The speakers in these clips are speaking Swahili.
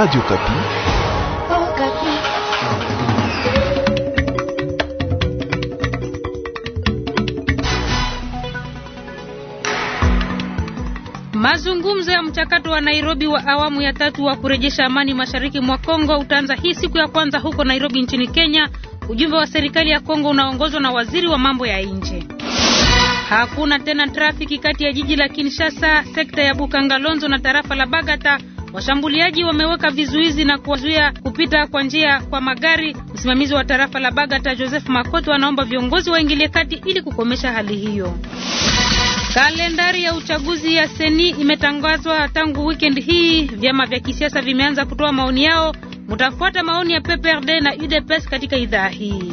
Radio Kapi. Oh, Kapi. Mazungumzo ya mchakato wa Nairobi wa awamu ya tatu wa kurejesha amani mashariki mwa Kongo utaanza hii siku ya kwanza huko Nairobi nchini Kenya. Ujumbe wa serikali ya Kongo unaongozwa na waziri wa mambo ya nje. Hakuna tena trafiki kati ya jiji la Kinshasa, sekta ya Bukangalonzo na tarafa la Bagata Washambuliaji wameweka vizuizi na kuwazuia kupita kwa njia kwa magari. Msimamizi wa tarafa la Bagata Joseph Makoto anaomba viongozi waingilie kati ili kukomesha hali hiyo. Kalendari ya uchaguzi ya seni imetangazwa tangu weekend hii. Vyama vya kisiasa vimeanza kutoa maoni yao. Mutafuata maoni ya PPRD na UDPS katika idhaa hii.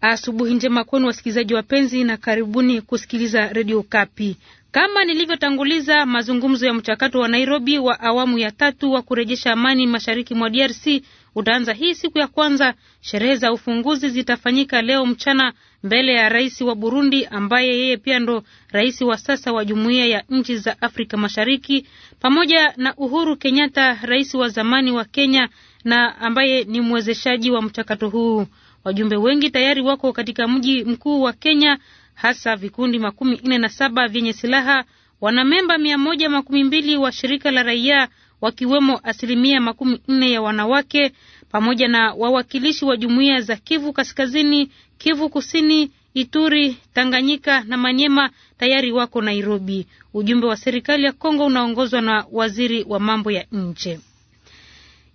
Asubuhi njema kwenu wasikilizaji wapenzi, na karibuni kusikiliza redio Kapi. Kama nilivyotanguliza, mazungumzo ya mchakato wa Nairobi wa awamu ya tatu wa kurejesha amani mashariki mwa DRC utaanza hii siku ya kwanza. Sherehe za ufunguzi zitafanyika leo mchana mbele ya rais wa Burundi ambaye yeye pia ndo rais wa sasa wa jumuiya ya nchi za Afrika Mashariki, pamoja na Uhuru Kenyatta, rais wa zamani wa Kenya na ambaye ni mwezeshaji wa mchakato huu. Wajumbe wengi tayari wako katika mji mkuu wa Kenya, hasa vikundi makumi nne na saba vyenye silaha. Wanamemba mia moja makumi mbili wa shirika la raia wakiwemo asilimia makumi nne ya wanawake pamoja na wawakilishi wa jumuiya za Kivu Kaskazini, Kivu Kusini, Ituri, Tanganyika na Manyema tayari wako Nairobi. Ujumbe wa serikali ya Kongo unaongozwa na waziri wa mambo ya nje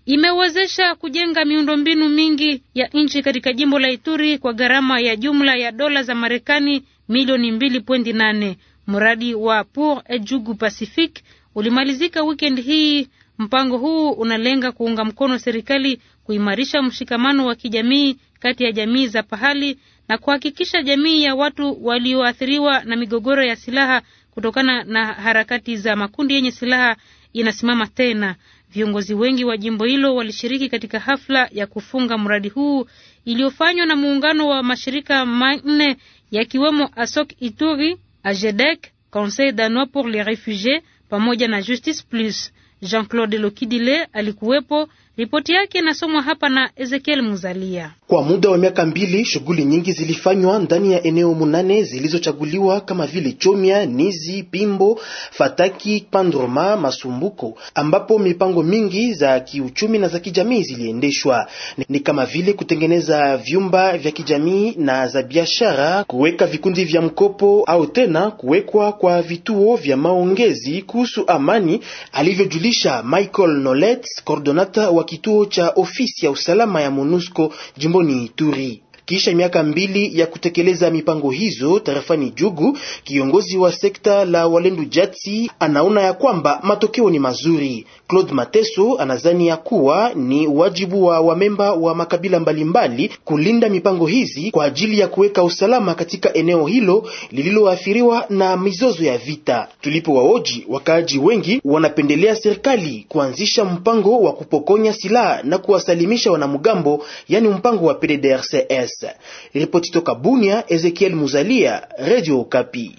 imewezesha kujenga miundombinu mingi ya nchi katika jimbo la Ituri kwa gharama ya jumla ya dola za Marekani milioni 2.8. Mradi wa Port Ejugu Pacific ulimalizika weekend hii. Mpango huu unalenga kuunga mkono serikali kuimarisha mshikamano wa kijamii kati ya jamii za pahali na kuhakikisha jamii ya watu walioathiriwa na migogoro ya silaha kutokana na harakati za makundi yenye silaha inasimama tena. Viongozi wengi wa jimbo hilo walishiriki katika hafla ya kufunga mradi huu iliyofanywa na muungano wa mashirika manne yakiwemo ASOC Ituri, AGEDEC, Conseil danois pour les refugies pamoja na Justice Plus. Jean-Claude Lokidile alikuwepo. Ripoti yake inasomwa hapa na Ezekiel Muzalia. Kwa muda wa miaka mbili, shughuli nyingi zilifanywa ndani ya eneo munane zilizochaguliwa kama vile Chomia, Nizi, Pimbo, Fataki, Pandroma, Masumbuko, ambapo mipango mingi za kiuchumi na za kijamii ziliendeshwa, ni kama vile kutengeneza vyumba vya kijamii na za biashara, kuweka vikundi vya mkopo au tena kuwekwa kwa vituo vya maongezi kuhusu amani alivyojulisha Amejulisha Michael Nolet, coordonata wa kituo cha ofisi ya usalama ya MONUSCO jimboni Ituri. Kisha miaka mbili ya kutekeleza mipango hizo tarafani Jugu, kiongozi wa sekta la Walendu jati anaona ya kwamba matokeo ni mazuri. Claude Mateso anazani ya kuwa ni wajibu wa wamemba wa makabila mbalimbali kulinda mipango hizi kwa ajili ya kuweka usalama katika eneo hilo lililoathiriwa na mizozo ya vita. tulipo waoji wakaaji wengi wanapendelea serikali kuanzisha mpango wa kupokonya silaha na kuwasalimisha wanamgambo, yani mpango wa PDDRCS. Est. Ripoti toka Bunia, Ezekiel Muzalia, Radio Kapi.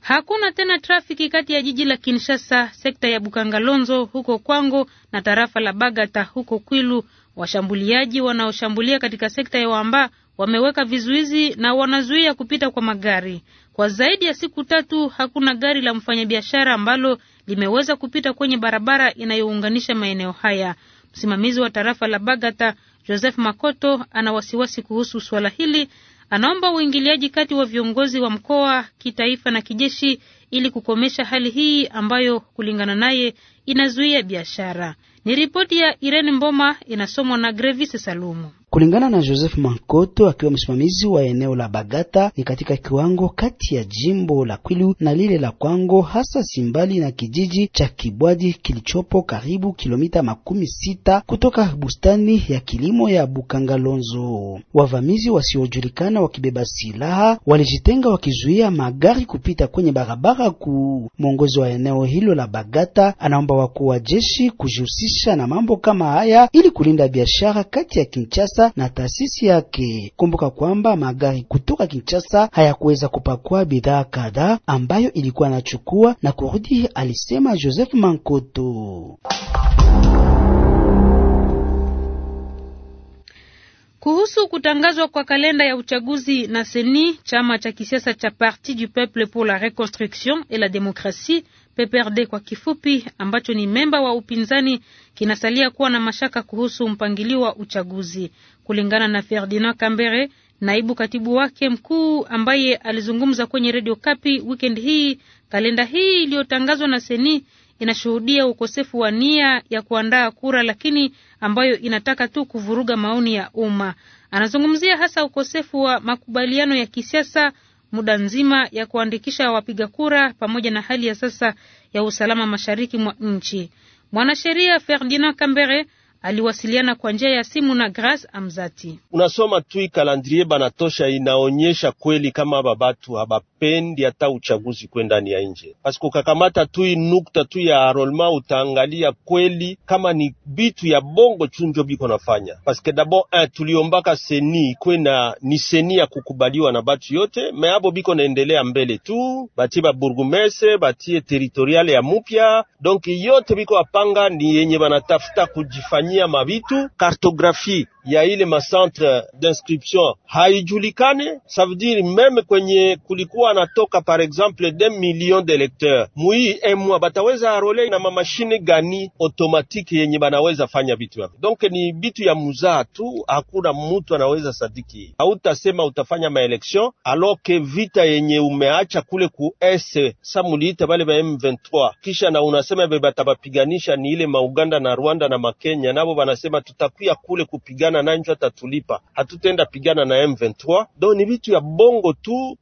Hakuna tena trafiki kati ya jiji la Kinshasa, sekta ya Bukangalonzo huko Kwango na tarafa la Bagata huko Kwilu. Washambuliaji wanaoshambulia katika sekta ya Wamba wameweka vizuizi na wanazuia kupita kwa magari. Kwa zaidi ya siku tatu, hakuna gari la mfanyabiashara ambalo limeweza kupita kwenye barabara inayounganisha maeneo haya. Msimamizi wa tarafa la Bagata Joseph Makoto ana wasiwasi kuhusu suala hili. Anaomba uingiliaji kati wa viongozi wa mkoa, kitaifa na kijeshi ili kukomesha hali hii ambayo kulingana naye inazuia biashara. Ni ripoti ya Irene Mboma inasomwa na Grevis Salumu. Kulingana na Joseph Mankoto akiwa msimamizi wa eneo la Bagata, ni katika kiwango kati ya jimbo la Kwilu na lile la Kwango, hasa Simbali na kijiji cha Kibwadi kilichopo karibu kilomita makumi sita kutoka bustani ya kilimo ya Bukangalonzo. Wavamizi wasiojulikana wakibeba silaha walijitenga wakizuia magari kupita kwenye barabara kuu. Mwongozi wa eneo hilo la Bagata anaomba wakuu wa jeshi kujihusisha na mambo kama haya ili kulinda biashara kati ya Kinshasa Kinshasa na taasisi yake. Kumbuka kwamba magari kutoka Kinshasa hayakuweza kupakua bidhaa kadhaa ambayo ilikuwa anachukua na kurudi, alisema Joseph Mankoto. Kuhusu kutangazwa kwa kalenda ya uchaguzi na seni, chama cha kisiasa cha Parti du Peuple pour la Reconstruction et la Démocratie PPRD kwa kifupi, ambacho ni memba wa upinzani kinasalia kuwa na mashaka kuhusu mpangilio wa uchaguzi, kulingana na Ferdinand Kambere, naibu katibu wake mkuu, ambaye alizungumza kwenye redio Kapi weekend hii. Kalenda hii iliyotangazwa na Seni inashuhudia ukosefu wa nia ya kuandaa kura, lakini ambayo inataka tu kuvuruga maoni ya umma. Anazungumzia hasa ukosefu wa makubaliano ya kisiasa muda nzima ya kuandikisha wapiga kura pamoja na hali ya sasa ya usalama mashariki mwa nchi. Mwanasheria Ferdinand cambere aliwasiliana kwa njia ya simu na Grace Amzati. Unasoma tu kalandrie banatosha, inaonyesha kweli kama babatu habapendi hata uchaguzi kwenda ndani ya nje, pasiko ukakamata tu nukta tu ya arolma, utaangalia kweli kama ni bitu ya bongo chunjo biko nafanya, paske dabo tuliombaka seni kwena ni seni ya kukubaliwa na batu yote meabo biko naendelea mbele tu, batie baburgumese batie teritoriale ya mupya, donc yote biko apanga ni yenye banatafuta kujifanya kufanyia mavitu kartografi ya ile macentre d'inscription haijulikane. Ça veut dire meme kwenye kulikuwa anatoka par exemple de million d'électeurs mui emwa bataweza arole na mamashine gani automatique yenye banaweza fanya vitu hapo. Donc ni bitu ya muzaa tu, hakuna mutu anaweza sadiki. Hautasema utafanya maelection alors que vita yenye umeacha kule ku s samuliita bale ba M23 kisha na unasema be batabapiganisha ni ile mauganda na Rwanda na makenya nabo banasema tutakuya kule kupigana na njo atatulipa, hatutenda pigana na M23. Do ni vitu ya bongo tu.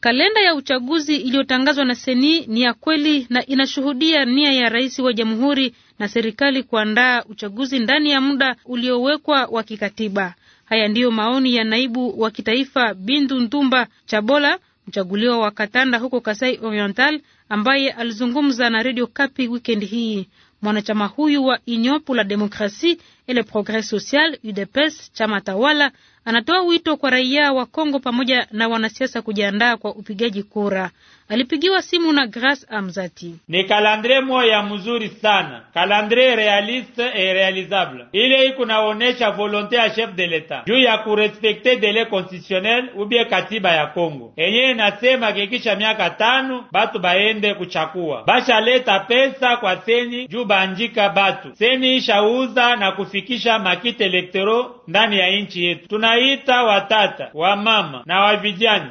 Kalenda ya uchaguzi iliyotangazwa na Seni ni ya kweli na inashuhudia nia ya rais wa jamhuri na serikali kuandaa uchaguzi ndani ya muda uliowekwa wa kikatiba. Haya ndiyo maoni ya naibu wa kitaifa Bindu Ntumba Chabola, mchaguliwa wa Katanda huko Kasai Oriental, ambaye alizungumza na Radio Kapi wikendi hii. Mwanachama huyu Union pour la démocratie et le progrès Social, UDPS, Chamatawala. Anatoa wito kwa raia wa Kongo pamoja na wanasiasa kujiandaa kwa upigaji kura. Alipigiwa simu na Grace Amzati. Ni kalandre moya mzuri sana, kalandre realiste et realizable, ile iko naonesha volonte ya chef de l'etat juu ya kurespekte dele constitutionnel ubie katiba ya Kongo enye inasema kekisha miaka tano batu baende kuchakua, bashaleta pesa kwa seni juu banjika batu, seni ishauza na kufikisha makite elektero ndani ya nchi yetu. Tunaita watata wa mama na wa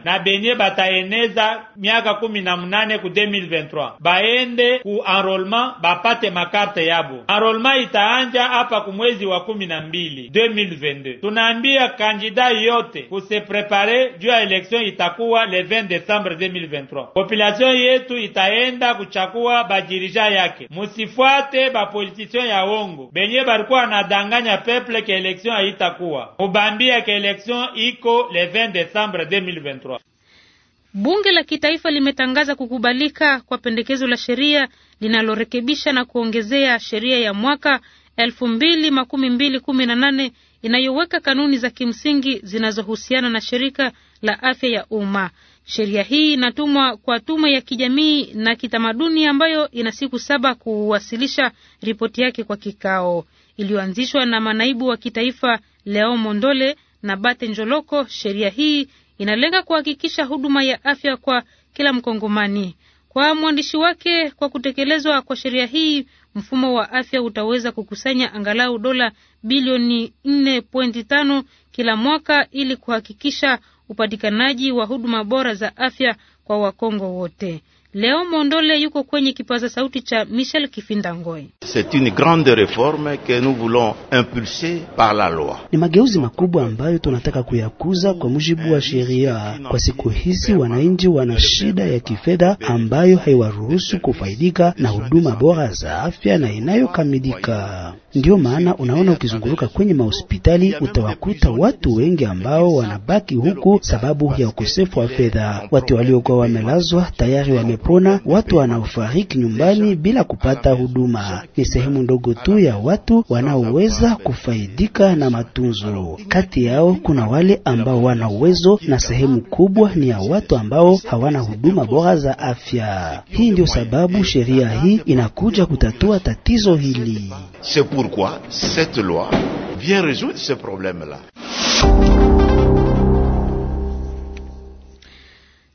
na benye bataeneza miaka kumi na mnane ku 2023 baende ku enrolement bapate makarte yabo. Enrolement itaanja hapa ku mwezi wa kumi na mbili 2022. Tunaambia kandida yote kuse prepare juu ya election itakuwa le 20 Desembre 2023. Population yetu itaenda kuchakua bajirija yake. Musifuate bapolitisien ya wongo benye balikuwa nadanganya peple ke election haita kutakuwa mubambia ke election iko le 20 Desembre 2023. Bunge la kitaifa limetangaza kukubalika kwa pendekezo la sheria linalorekebisha na kuongezea sheria ya mwaka 2012-2018 inayoweka kanuni za kimsingi zinazohusiana na shirika la afya ya umma. Sheria hii inatumwa kwa tume ya kijamii na kitamaduni ambayo ina siku saba kuwasilisha ripoti yake kwa kikao iliyoanzishwa na manaibu wa kitaifa leo Mondole na Bate Njoloko. Sheria hii inalenga kuhakikisha huduma ya afya kwa kila Mkongomani. Kwa mwandishi wake, kwa kutekelezwa kwa sheria hii, mfumo wa afya utaweza kukusanya angalau dola bilioni 4.5 kila mwaka ili kuhakikisha upatikanaji wa huduma bora za afya kwa Wakongo wote. Leo Mondole yuko kwenye kipaza sauti cha Michel Kifinda Ngoy. C'est une grande réforme que nous voulons impulser par la loi. Ni mageuzi makubwa ambayo tunataka kuyakuza kwa mujibu wa sheria. Kwa siku hizi wananchi wana shida ya kifedha ambayo haiwaruhusu kufaidika na huduma bora za afya na inayokamilika ndio maana unaona ukizunguruka kwenye mahospitali utawakuta watu wengi ambao wanabaki huku sababu ya ukosefu wa fedha. Watu waliokuwa wamelazwa tayari wamepona, watu wanaofariki nyumbani bila kupata huduma ni sehemu ndogo tu ya watu wanaoweza kufaidika na matunzo. Kati yao kuna wale ambao wana uwezo na sehemu kubwa ni ya watu ambao hawana huduma bora za afya. Hii ndio sababu sheria hii inakuja kutatua tatizo hili pourquoi cette loi vient résoudre ce problème-là.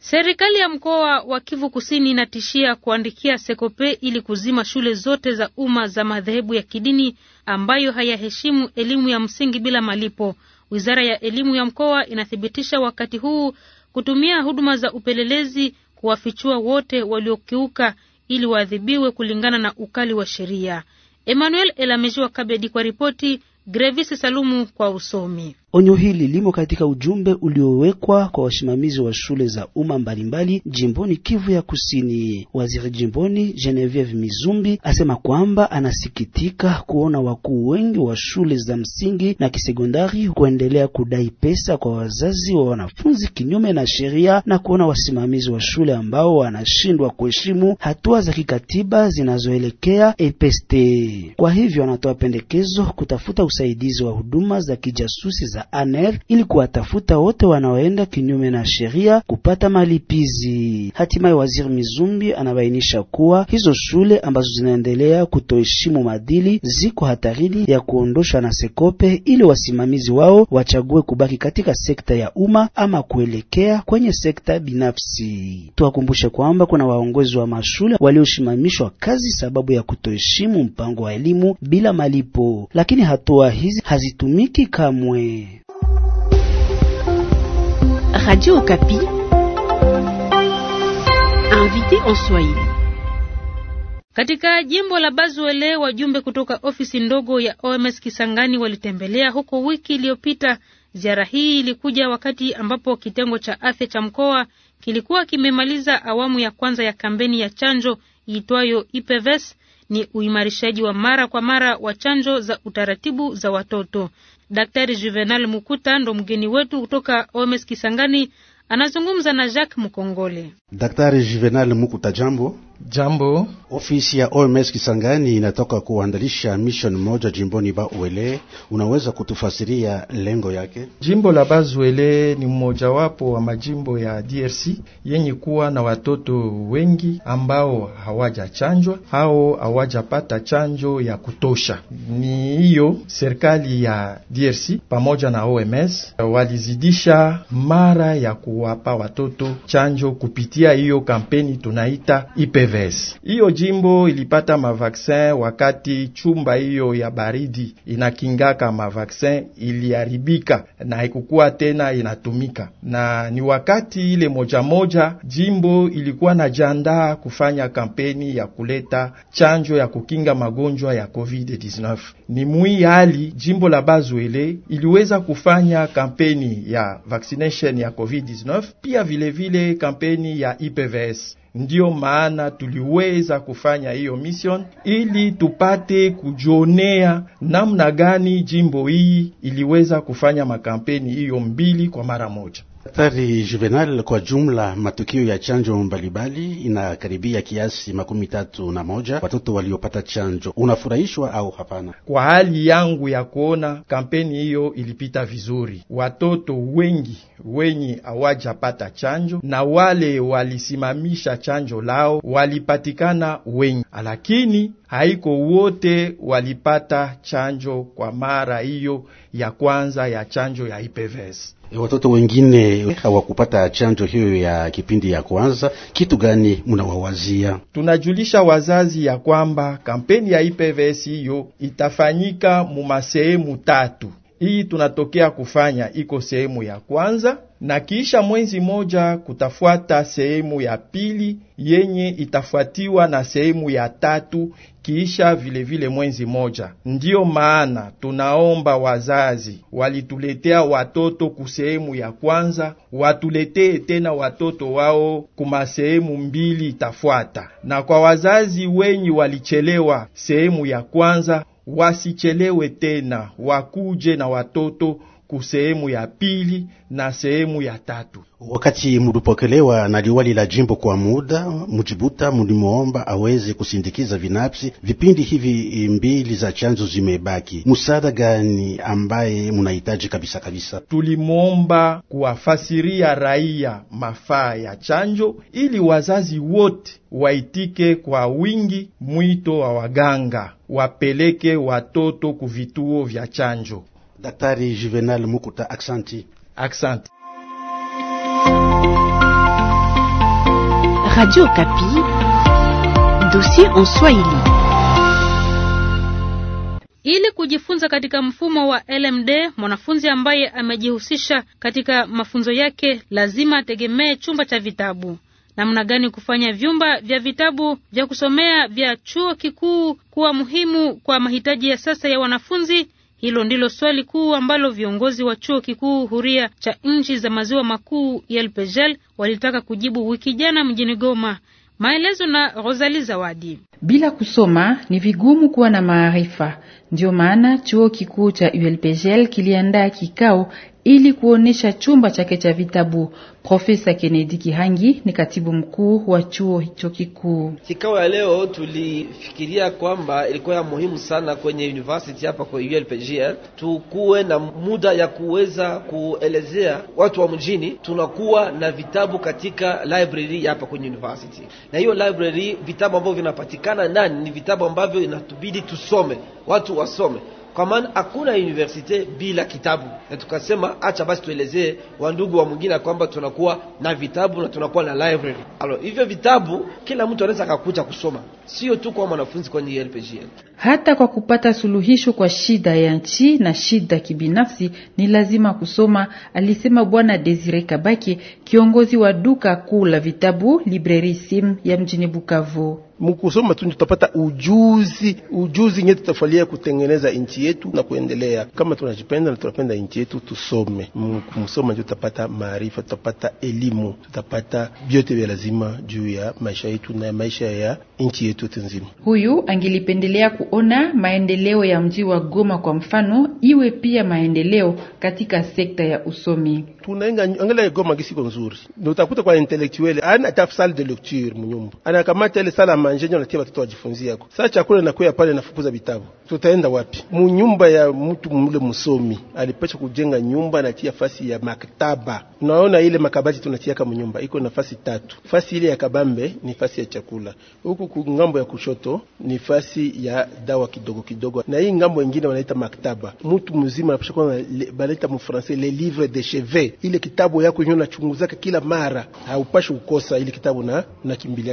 Serikali ya mkoa wa Kivu Kusini inatishia kuandikia Sekope ili kuzima shule zote za umma za madhehebu ya kidini ambayo hayaheshimu elimu ya msingi bila malipo. Wizara ya elimu ya mkoa inathibitisha wakati huu kutumia huduma za upelelezi kuwafichua wote waliokiuka ili waadhibiwe kulingana na ukali wa sheria. Emmanuel Elamejiwa Kabedi kwa ripoti, Grevis Salumu kwa usomi. Onyo hili limo katika ujumbe uliowekwa kwa wasimamizi wa shule za umma mbalimbali jimboni Kivu ya Kusini. Waziri jimboni Genevieve Mizumbi asema kwamba anasikitika kuona wakuu wengi wa shule za msingi na kisekondari kuendelea kudai pesa kwa wazazi wa wanafunzi kinyume na sheria na kuona wasimamizi wa shule ambao wanashindwa kuheshimu hatua za kikatiba zinazoelekea EPST. Kwa hivyo anatoa pendekezo kutafuta usaidizi wa huduma za kijasusi za za ANER ili kuwatafuta wote wanaoenda kinyume na sheria kupata malipizi. Hatimaye waziri Mizumbi anabainisha kuwa hizo shule ambazo zinaendelea kutoheshimu maadili ziko hatarini ya kuondoshwa na Sekope ili wasimamizi wao wachague kubaki katika sekta ya umma ama kuelekea kwenye sekta binafsi. Tuwakumbushe kwamba kuna waongozi wa mashule waliosimamishwa kazi sababu ya kutoheshimu mpango wa elimu bila malipo, lakini hatua hizi hazitumiki kamwe. Radio Okapi, invité en Swahili. Katika jimbo la Bazuele wajumbe kutoka ofisi ndogo ya OMS Kisangani walitembelea huko wiki iliyopita. Ziara hii ilikuja wakati ambapo kitengo cha afya cha mkoa kilikuwa kimemaliza awamu ya kwanza ya kampeni ya chanjo iitwayo IPVS, e e ni uimarishaji wa mara kwa mara wa chanjo za utaratibu za watoto. Daktari Juvenal Mukuta ndo mgeni wetu kutoka OMS Kisangani, anazungumza na Jacques Mkongole. Daktari Juvenal Mukuta, jambo. Jambo. Ofisi ya OMS Kisangani inatoka kuandalisha mission moja jimboni Uele. Unaweza kutufasiria lengo yake? Jimbo la Bazuele ni mmojawapo wa majimbo ya DRC yenye kuwa na watoto wengi ambao hawajachanjwa au hawajapata chanjo ya kutosha. Ni hiyo serikali ya DRC pamoja na OMS walizidisha mara ya kuwapa watoto chanjo kupitia hiyo kampeni tunaita ipe Reves. Hiyo jimbo ilipata mavaksin wakati chumba hiyo ya baridi inakingaka mavaksin iliharibika na haikukuwa tena inatumika, na ni wakati ile moja moja jimbo ilikuwa na jandaa kufanya kampeni ya kuleta chanjo ya kukinga magonjwa ya COVID-19. Ni mwi hali jimbo la Bazwele iliweza kufanya kampeni ya vaccination ya COVID-19 pia vilevile vile kampeni ya IPVS. Ndiyo maana tuliweza kufanya hiyo mission ili tupate kujionea namna gani jimbo hii iliweza kufanya makampeni hiyo mbili kwa mara moja. Daktari Juvenal, kwa jumla matukio ya chanjo mbalimbali inakaribia kiasi makumi tatu na moja watoto waliopata chanjo. Unafurahishwa au hapana? Kwa hali yangu ya kuona kampeni hiyo ilipita vizuri. Watoto wengi wenye hawajapata chanjo na wale walisimamisha chanjo lao walipatikana wengi, lakini haiko wote walipata chanjo kwa mara hiyo ya kwanza ya chanjo ya IPVS. Eh, watoto wengine hawakupata chanjo hiyo ya kipindi ya kwanza. Kitu gani mnawawazia? Tunajulisha wazazi ya kwamba kampeni ya IPVS hiyo itafanyika mumasehemu tatu. Hii tunatokea kufanya iko sehemu ya kwanza, na kisha mwezi moja kutafuata sehemu ya pili yenye itafuatiwa na sehemu ya tatu kiisha vilevile vile mwenzi moja. Ndiyo maana tunaomba wazazi walituletea watoto kusehemu ya kwanza, watuletee tena watoto wao kuma sehemu mbili itafuata. Na kwa wazazi wenyi walichelewa sehemu ya kwanza, wasichelewe tena, wakuje na watoto kusehemu ya pili na sehemu ya tatu. Wakati mulipokelewa na liwali la jimbo kwa muda Mujibuta, mulimuomba aweze kusindikiza vinafsi vipindi hivi mbili za chanzo zimebaki. Msaada gani ambaye munahitaji kabisa kabisa? Tulimuomba kuwafasiria raia mafaa ya chanjo ili wazazi wote waitike kwa wingi mwito wa waganga wapeleke watoto kuvituo vya chanjo. Daktari Juvenal Mukuta Aksanti. Aksanti. Radio Kapi, dossier en Swahili. Ili kujifunza katika mfumo wa LMD, mwanafunzi ambaye amejihusisha katika mafunzo yake lazima ategemee chumba cha vitabu. Namna gani kufanya vyumba vya vitabu vya kusomea vya chuo kikuu kuwa muhimu kwa mahitaji ya sasa ya wanafunzi hilo ndilo swali kuu ambalo viongozi wa chuo kikuu huria cha nchi za maziwa makuu YLPGL walitaka kujibu wiki jana mjini Goma. Maelezo na Rosali Zawadi. Bila kusoma ni vigumu kuwa na maarifa. ndio maana chuo kikuu cha ULPGL kiliandaa kikao ili kuonyesha chumba chake cha vitabu. Profesa Kennedy Kihangi ni katibu mkuu wa chuo hicho kikuu. Kikao ya leo tulifikiria kwamba ilikuwa ya muhimu sana kwenye university hapa kwa ulpg tukuwe na muda ya kuweza kuelezea watu wa mjini tunakuwa na vitabu katika library hapa kwenye university, na hiyo library vitabu ambavyo vinapatikana ndani ni vitabu ambavyo inatubidi tusome, watu wasome kwa maana hakuna universite bila kitabu, na tukasema acha basi tuelezee wandugu wa mwingine kwamba tunakuwa na vitabu na tunakuwa na library. Alo, hivyo vitabu kila mtu anaweza akakuja kusoma, sio tu kwa mwanafunzi kwenye LPGL. Hata kwa kupata suluhisho kwa shida ya nchi na shida kibinafsi ni lazima kusoma, alisema Bwana Desire Kabaki, kiongozi wa duka kuu la vitabu Libreri Sim ya mjini Bukavu. Mkusoma tu tutapata ujuzi, ujuzi nye tutafalia kutengeneza nchi yetu na kuendelea. Kama tunajipenda na tunapenda nchi yetu, tusome. Mkusoma ndio tutapata maarifa, tutapata elimu, tutapata vyote vya lazima juu ya maisha yetu na maisha ya nchi yetu yote nzima. Huyu angelipendelea kuona maendeleo ya mji wa Goma kwa mfano iwe pia maendeleo katika sekta ya usomi tunainga angalia Goma kisiko nzuri, ndio utakuta kwa intellectuel ana taf salle de lecture mnyumba ana ile sala manje ndio anatia watoto wajifunzie Sasa chakula nakuya pale nafukuza vitabu, tutaenda wapi? Munyumba ya mtu mule msomi alipesha kujenga nyumba anatia fasi ya maktaba. Unaona ile makabati tunatia kama iko nafasi tatu, fasi ile ya kabambe ni fasi ya chakula, huku ngambo ya kushoto ni fasi ya dawa kidogo kidogo, na hii ngambo nyingine wanaita maktaba. Mtu mzima anapasha kuwa baleta mu français les livres de chevet ile kitabu yako yenyewe unachunguzaka kila mara, haupashi kukosa ile kitabu na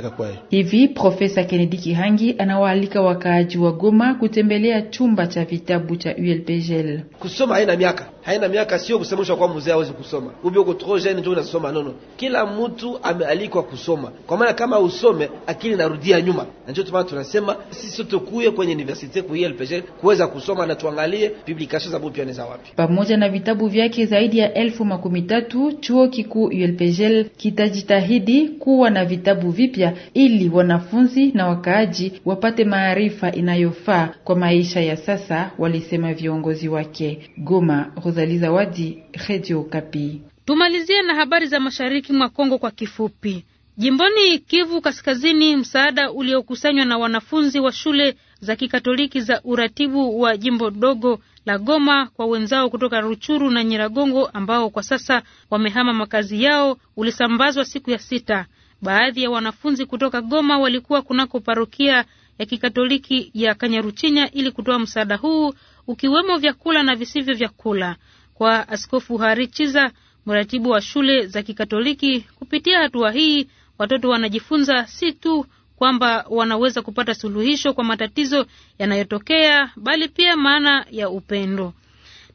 kwa kwayo. Hivi Profesa Kennedy Kihangi anawaalika wakaaji wa Goma kutembelea chumba cha vitabu cha ULPGL. Kusoma haina miaka, haina miaka, sio kusemeshwa kwa mzee hawezi kusoma, ubi uko trop jeune ndio unasoma. Nono, kila mtu amealikwa kusoma, kwa maana kama usome akili narudia nyuma, na ndio tumana tunasema sisi sote kuye kwenye universite ku ULPGL kuweza kusoma na tuangalie publication za bupia ni za wapi, pamoja na vitabu vyake zaidi ya elfu makumi makumi tatu chuo kikuu ULPGL kitajitahidi kuwa na vitabu vipya ili wanafunzi na wakaaji wapate maarifa inayofaa kwa maisha ya sasa, walisema viongozi wake. Goma, Rosalie Zawadi, Radio Kapi. Tumalizie na habari za mashariki mwa Kongo kwa kifupi. Jimboni Kivu Kaskazini, msaada uliokusanywa na wanafunzi wa shule za Kikatoliki za uratibu wa jimbo dogo la Goma kwa wenzao kutoka Ruchuru na Nyiragongo ambao kwa sasa wamehama makazi yao ulisambazwa siku ya sita. Baadhi ya wanafunzi kutoka Goma walikuwa kunako parokia ya Kikatoliki ya Kanyaruchinya ili kutoa msaada huu ukiwemo vyakula na visivyo vyakula. Kwa Askofu Harichiza, mratibu wa shule za Kikatoliki, kupitia hatua hii watoto wanajifunza si tu kwamba wanaweza kupata suluhisho kwa matatizo yanayotokea, bali pia maana ya upendo.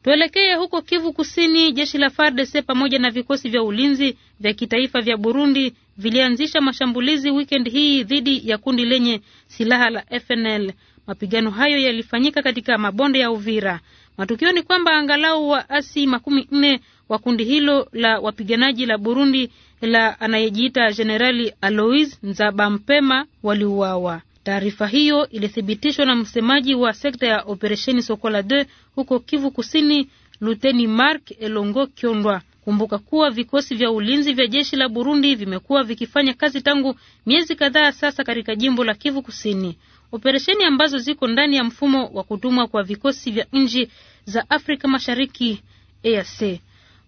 Tuelekee huko Kivu Kusini. Jeshi la FARDC pamoja na vikosi vya ulinzi vya kitaifa vya Burundi vilianzisha mashambulizi weekend hii dhidi ya kundi lenye silaha la FNL. Mapigano hayo yalifanyika katika mabonde ya Uvira. Matukio ni kwamba angalau waasi makumi nne wa kundi hilo la wapiganaji la Burundi la anayejiita Jenerali Alois Nzabampema waliuawa. Taarifa hiyo ilithibitishwa na msemaji wa sekta ya operesheni Sokola 2 huko Kivu Kusini, Luteni Mark Elongo Kyondwa. Kumbuka kuwa vikosi vya ulinzi vya jeshi la Burundi vimekuwa vikifanya kazi tangu miezi kadhaa sasa katika jimbo la Kivu Kusini, operesheni ambazo ziko ndani ya mfumo wa kutumwa kwa vikosi vya nchi za Afrika Mashariki, EAC.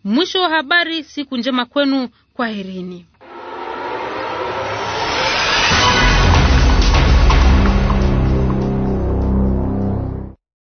Mwisho wa habari. Siku njema kwenu. Kwaherini.